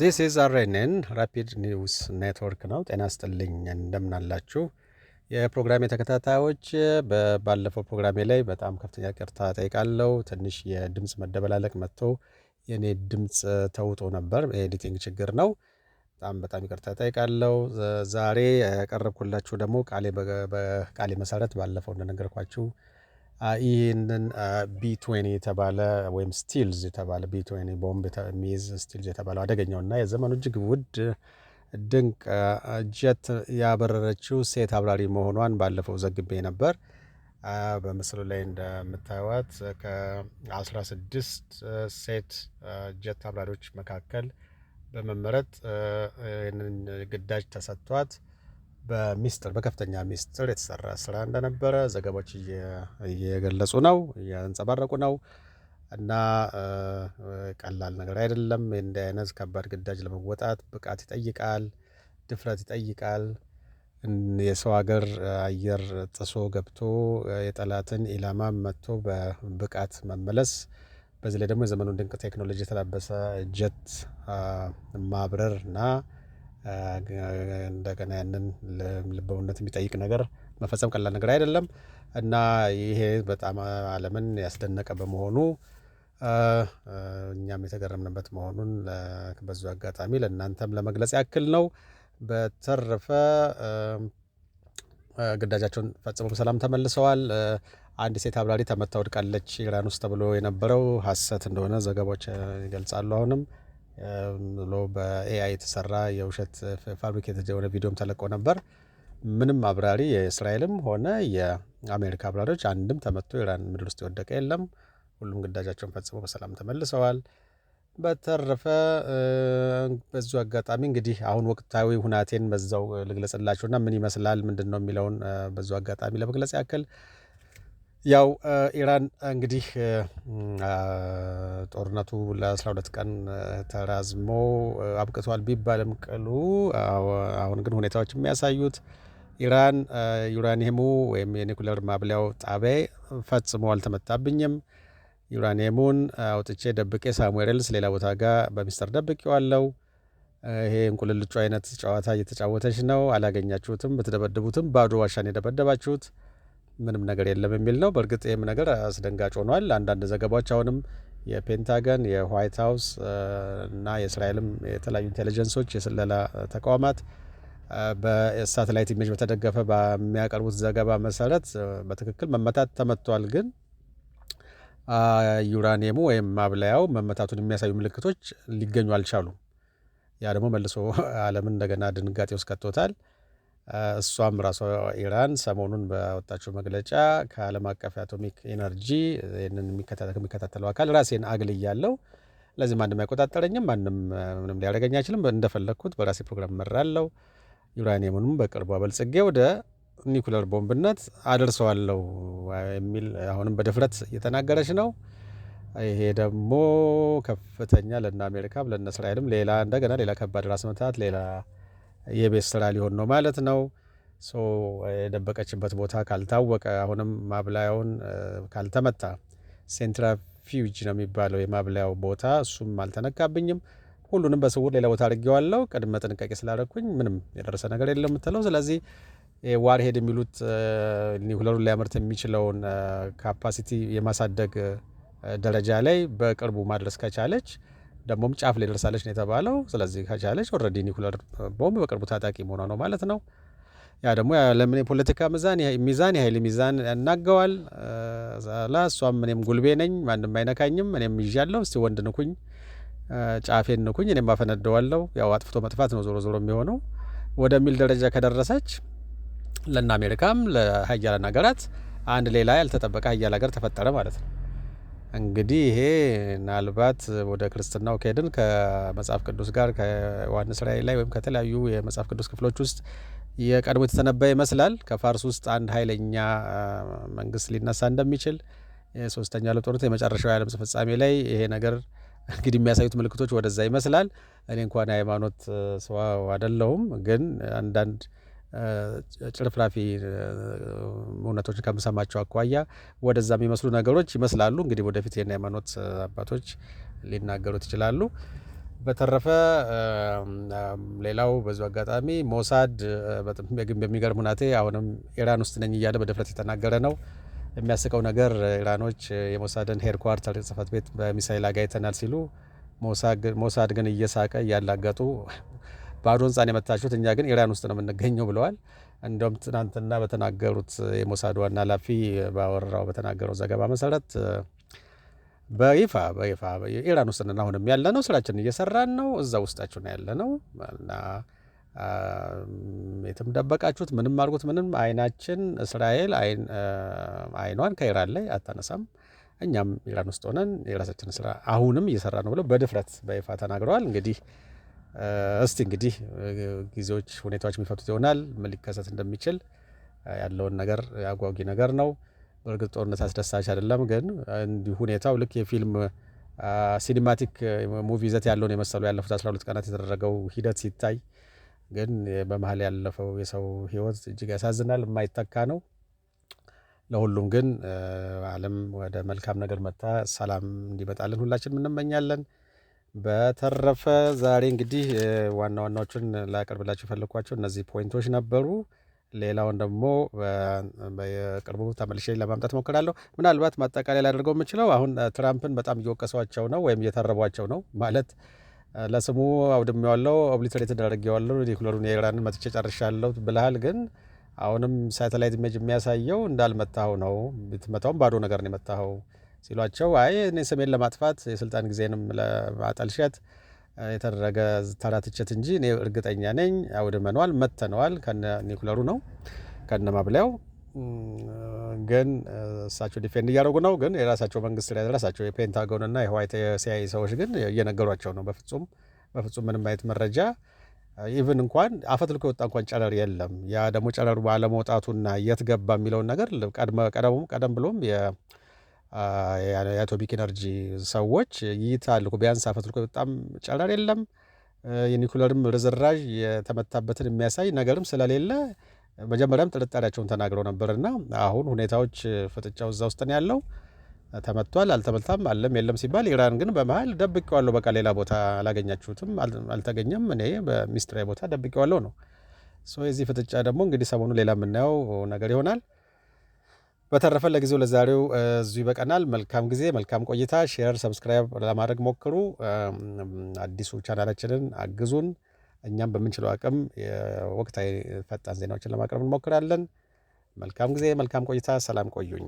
ዚስ ኢዝ አርኤንኤን ራፒድ ኒውስ ኔትወርክ ነው። ጤና ስጥልኝ እንደምናላችሁ የፕሮግራሜ ተከታታዮች። ባለፈው ፕሮግራሜ ላይ በጣም ከፍተኛ ቅርታ ጠይቃለሁ። ትንሽ የድምፅ መደበላለቅ መጥቶ የእኔ ድምፅ ተውጦ ነበር። ኤዲቲንግ ችግር ነው። በጣም በጣም ይቅርታ ጠይቃለሁ። ዛሬ ያቀረብኩላችሁ ደግሞ ቃሌ መሰረት ባለፈው እንደነገርኳችሁ ይህንን ቢ20 የተባለ ወይም ስቲልዝ የተባለ ቢ20 ቦምብ የሚይዝ ስቲልዝ የተባለው አደገኛው እና የዘመኑ እጅግ ውድ ድንቅ ጀት ያበረረችው ሴት አብራሪ መሆኗን ባለፈው ዘግቤ ነበር። በምስሉ ላይ እንደምታዩት ከ16 ሴት ጀት አብራሪዎች መካከል በመመረጥ ይህንን ግዳጅ ተሰጥቷት በሚስጥር በከፍተኛ ሚስጥር የተሰራ ስራ እንደነበረ ዘገባዎች እየገለጹ ነው፣ እያንጸባረቁ ነው። እና ቀላል ነገር አይደለም። እንዲህ አይነት ከባድ ግዳጅ ለመወጣት ብቃት ይጠይቃል፣ ድፍረት ይጠይቃል። የሰው ሀገር አየር ጥሶ ገብቶ የጠላትን ኢላማ መጥቶ በብቃት መመለስ፣ በዚህ ላይ ደግሞ የዘመኑን ድንቅ ቴክኖሎጂ የተላበሰ ጀት ማብረር እና እንደገና ያንን ልበውነት የሚጠይቅ ነገር መፈጸም ቀላል ነገር አይደለም እና ይሄ በጣም ዓለምን ያስደነቀ በመሆኑ እኛም የተገረምንበት መሆኑን በዙ አጋጣሚ ለእናንተም ለመግለጽ ያክል ነው። በተረፈ ግዳጃቸውን ፈጽሞ በሰላም ተመልሰዋል። አንድ ሴት አብራሪ ተመታ ወድቃለች ኢራን ውስጥ ተብሎ የነበረው ሀሰት እንደሆነ ዘገባዎች ይገልጻሉ አሁንም ብሎ በኤአይ የተሰራ የውሸት ፋብሪኬት የሆነ ቪዲዮም ተለቆ ነበር። ምንም አብራሪ የእስራኤልም ሆነ የአሜሪካ አብራሪዎች አንድም ተመቶ ኢራን ምድር ውስጥ የወደቀ የለም። ሁሉም ግዳጃቸውን ፈጽሞ በሰላም ተመልሰዋል። በተረፈ በዙ አጋጣሚ እንግዲህ አሁን ወቅታዊ ሁናቴን በዛው ልግለጽላችሁና ምን ይመስላል ምንድን ነው የሚለውን በዙ አጋጣሚ ለመግለጽ ያክል ያው ኢራን እንግዲህ ጦርነቱ ለ12 ቀን ተራዝሞ አብቅቷል ቢባልም ቅሉ አሁን ግን ሁኔታዎች የሚያሳዩት ኢራን ዩራኒየሙ ወይም የኒኩሌር ማብሊያው ጣቢያ ፈጽሞ አልተመታብኝም፣ ዩራኒየሙን አውጥቼ ደብቄ ሳሙኤልስ ሌላ ቦታ ጋር በሚስጥር ደብቄዋለሁ፣ ይሄ እንቁልልጩ አይነት ጨዋታ እየተጫወተች ነው፣ አላገኛችሁትም፣ ብትደበድቡትም ባዶ ዋሻን የደበደባችሁት ምንም ነገር የለም የሚል ነው። በእርግጥ ይህም ነገር አስደንጋጭ ሆኗል። አንዳንድ ዘገባዎች አሁንም የፔንታገን የዋይት ሀውስ እና የእስራኤልም የተለያዩ ኢንቴሊጀንሶች የስለላ ተቋማት በሳተላይት ኢሜጅ በተደገፈ በሚያቀርቡት ዘገባ መሰረት በትክክል መመታት ተመቷል፣ ግን ዩራኒየሙ ወይም ማብለያው መመታቱን የሚያሳዩ ምልክቶች ሊገኙ አልቻሉም። ያ ደግሞ መልሶ ዓለምን እንደገና ድንጋጤ ውስጥ ከቶታል። እሷም ራሷ ኢራን ሰሞኑን በወጣችው መግለጫ ከዓለም አቀፍ የአቶሚክ ኤነርጂ ይህንን የሚከታተለው አካል ራሴን አግልያለሁ፣ ለዚህ ማንም አይቆጣጠረኝም፣ ማንም ምንም ሊያደርገኝ አይችልም፣ እንደፈለግኩት በራሴ ፕሮግራም እመራለሁ፣ ዩራኒየሙንም በቅርቡ አበልጽጌ ወደ ኒኩለር ቦምብነት አደርሰዋለሁ የሚል አሁንም በድፍረት እየተናገረች ነው። ይሄ ደግሞ ከፍተኛ ለእነ አሜሪካም ለእነ እስራኤልም ሌላ እንደገና ሌላ ከባድ ራስ መታት ሌላ የቤት ስራ ሊሆን ነው ማለት ነው። የደበቀችበት ቦታ ካልታወቀ አሁንም ማብላያውን ካልተመታ ሴንትራፊውጅ ነው የሚባለው የማብላያው ቦታ እሱም አልተነካብኝም። ሁሉንም በስውር ሌላ ቦታ አድርጌዋለሁ። ቅድመ ጥንቃቄ ስላደረግኩኝ ምንም የደረሰ ነገር የለም የምትለው ስለዚህ ዋርሄድ የሚሉት ኒውክለሩን ሊያመርት የሚችለውን ካፓሲቲ የማሳደግ ደረጃ ላይ በቅርቡ ማድረስ ከቻለች ደግሞም ጫፍ ላይ ደርሳለች ነው የተባለው። ስለዚህ ከቻለች ኦልሬዲ ኒኩለር ቦምብ በቅርቡ ታጣቂ መሆኗ ነው ማለት ነው። ያ ደግሞ ለምን የፖለቲካ ሚዛን ሚዛን የኃይል ሚዛን ያናገዋል። ዛላ እሷም እኔም ጉልቤ ነኝ፣ ማንም አይነካኝም፣ እኔም ይዣለሁ፣ እስቲ ወንድ ንኩኝ፣ ጫፌን ንኩኝ፣ እኔም አፈነደዋለሁ። ያው አጥፍቶ መጥፋት ነው ዞሮ ዞሮ የሚሆነው ወደሚል ደረጃ ከደረሰች ለእነ አሜሪካም ለሀያላን ሀገራት አንድ ሌላ ያልተጠበቀ ሀያል ሀገር ተፈጠረ ማለት ነው። እንግዲህ ይሄ ምናልባት ወደ ክርስትናው ከሄድን ከመጽሐፍ ቅዱስ ጋር ከዮሐንስ ራእይ ላይ ወይም ከተለያዩ የመጽሐፍ ቅዱስ ክፍሎች ውስጥ የቀድሞ የተተነበየ ይመስላል። ከፋርስ ውስጥ አንድ ኃይለኛ መንግስት ሊነሳ እንደሚችል ሶስተኛ ዓለም ጦርነት የመጨረሻው የዓለም ፍጻሜ ላይ ይሄ ነገር እንግዲህ የሚያሳዩት ምልክቶች ወደዛ ይመስላል። እኔ እንኳን የሃይማኖት ሰው አይደለሁም፣ ግን አንዳንድ ጭርፍራፊ እውነቶችን ከምሰማቸው አኳያ ወደዛ የሚመስሉ ነገሮች ይመስላሉ። እንግዲህ ወደፊት ይህን ሃይማኖት አባቶች ሊናገሩት ይችላሉ። በተረፈ ሌላው በዚሁ አጋጣሚ ሞሳድ በሚገርም ሁናቴ አሁንም ኢራን ውስጥ ነኝ እያለ በድፍረት የተናገረ ነው። የሚያስቀው ነገር ኢራኖች የሞሳድን ሄድኳርተር ጽህፈት ቤት በሚሳይል አጋይተናል ሲሉ ሞሳድ ግን እየሳቀ እያላገጡ ባዶ ህንፃን የመታችሁት እኛ ግን ኢራን ውስጥ ነው የምንገኘው ብለዋል። እንደውም ትናንትና በተናገሩት የሞሳድ ዋና ኃላፊ ባወራው በተናገረው ዘገባ መሰረት በይፋ በይፋ ኢራን ውስጥ ነን አሁንም ያለ ነው። ስራችን እየሰራን ነው። እዛ ውስጣችሁ ነው ያለ ነው እና የትም ደበቃችሁት፣ ምንም አድርጉት፣ ምንም አይናችን እስራኤል አይኗን ከኢራን ላይ አታነሳም። እኛም ኢራን ውስጥ ሆነን የራሳችን ስራ አሁንም እየሰራ ነው ብለው በድፍረት በይፋ ተናግረዋል። እንግዲህ እስቲ እንግዲህ ጊዜዎች፣ ሁኔታዎች የሚፈቱት ይሆናል። ምን ሊከሰት እንደሚችል ያለውን ነገር አጓጊ ነገር ነው። በእርግጥ ጦርነት አስደሳች አይደለም፣ ግን እንዲሁ ሁኔታው ልክ የፊልም ሲኒማቲክ ሙቪ ይዘት ያለውን የመሰሉ ያለፉት 12 ቀናት የተደረገው ሂደት ሲታይ ግን በመሀል ያለፈው የሰው ህይወት እጅግ ያሳዝናል፣ የማይተካ ነው። ለሁሉም ግን ዓለም ወደ መልካም ነገር መጣ ሰላም እንዲመጣልን ሁላችን እንመኛለን። በተረፈ ዛሬ እንግዲህ ዋና ዋናዎቹን ላቀርብላችሁ የፈለግኳቸው እነዚህ ፖይንቶች ነበሩ። ሌላውን ደግሞ በቅርቡ ተመልሼ ለማምጣት ሞክራለሁ። ምናልባት ማጠቃለያ ላደርገው የምችለው አሁን ትራምፕን በጣም እየወቀሷቸው ነው ወይም እየተረቧቸው ነው ማለት ለስሙ አውድሜዋለሁ፣ ኦብሊተሬት አድርጌዋለሁ፣ ኒውክለሩን የኢራንን መትቼ ጨርሻለሁ ብልሃል፣ ግን አሁንም ሳተላይት ኢሜጅ የሚያሳየው እንዳልመታኸው ነው። ብትመታውም ባዶ ነገር ነው የመታኸው ሲሏቸው አይ እኔ ስሜን ለማጥፋት የስልጣን ጊዜንም ለማጠልሸት የተደረገ ተራ እንጂ እኔ እርግጠኛ ነኝ አውድመነዋል፣ መተነዋል፣ ከነ ኒኩለሩ ነው ከነ ማብለያው። ግን እሳቸው ዲፌንድ እያደረጉ ነው። ግን የራሳቸው መንግስት ላይ ራሳቸው የፔንታጎንና የዋይት ሲአይ ሰዎች ግን እየነገሯቸው ነው። በፍጹም በፍጹም ምንም አይነት መረጃ ኢቭን እንኳን አፈትልኮ የወጣ እንኳን ጨረር የለም። ያ ደግሞ ጨረሩ ባለመውጣቱና የት ገባ የሚለውን ነገር ቀደም ብሎም የአቶሚክ ኤነርጂ ሰዎች እይታ አለ እኮ ቢያንስ አፈት ልኮ በጣም ጨረር የለም የኒኩለርም ርዝራዥ የተመታበትን የሚያሳይ ነገርም ስለሌለ መጀመሪያም ጥርጣሬያቸውን ተናግረው ነበርና አሁን ሁኔታዎች ፍጥጫው እዛ ውስጥን ያለው። ተመቷል፣ አልተመታም፣ አለም የለም ሲባል ኢራን ግን በመሀል ደብቄዋለሁ፣ በቃ ሌላ ቦታ አላገኛችሁትም፣ አልተገኘም፣ እኔ በሚስጥራዊ ቦታ ደብቄዋለሁ ነው። የዚህ ፍጥጫ ደግሞ እንግዲህ ሰሞኑ ሌላ የምናየው ነገር ይሆናል። በተረፈ ለጊዜው ለዛሬው እዚሁ ይበቀናል። መልካም ጊዜ፣ መልካም ቆይታ። ሼር፣ ሰብስክራይብ ለማድረግ ሞክሩ። አዲሱ ቻናላችንን አግዙን። እኛም በምንችለው አቅም ወቅታዊ ፈጣን ዜናዎችን ለማቅረብ እንሞክራለን። መልካም ጊዜ፣ መልካም ቆይታ። ሰላም ቆዩኝ።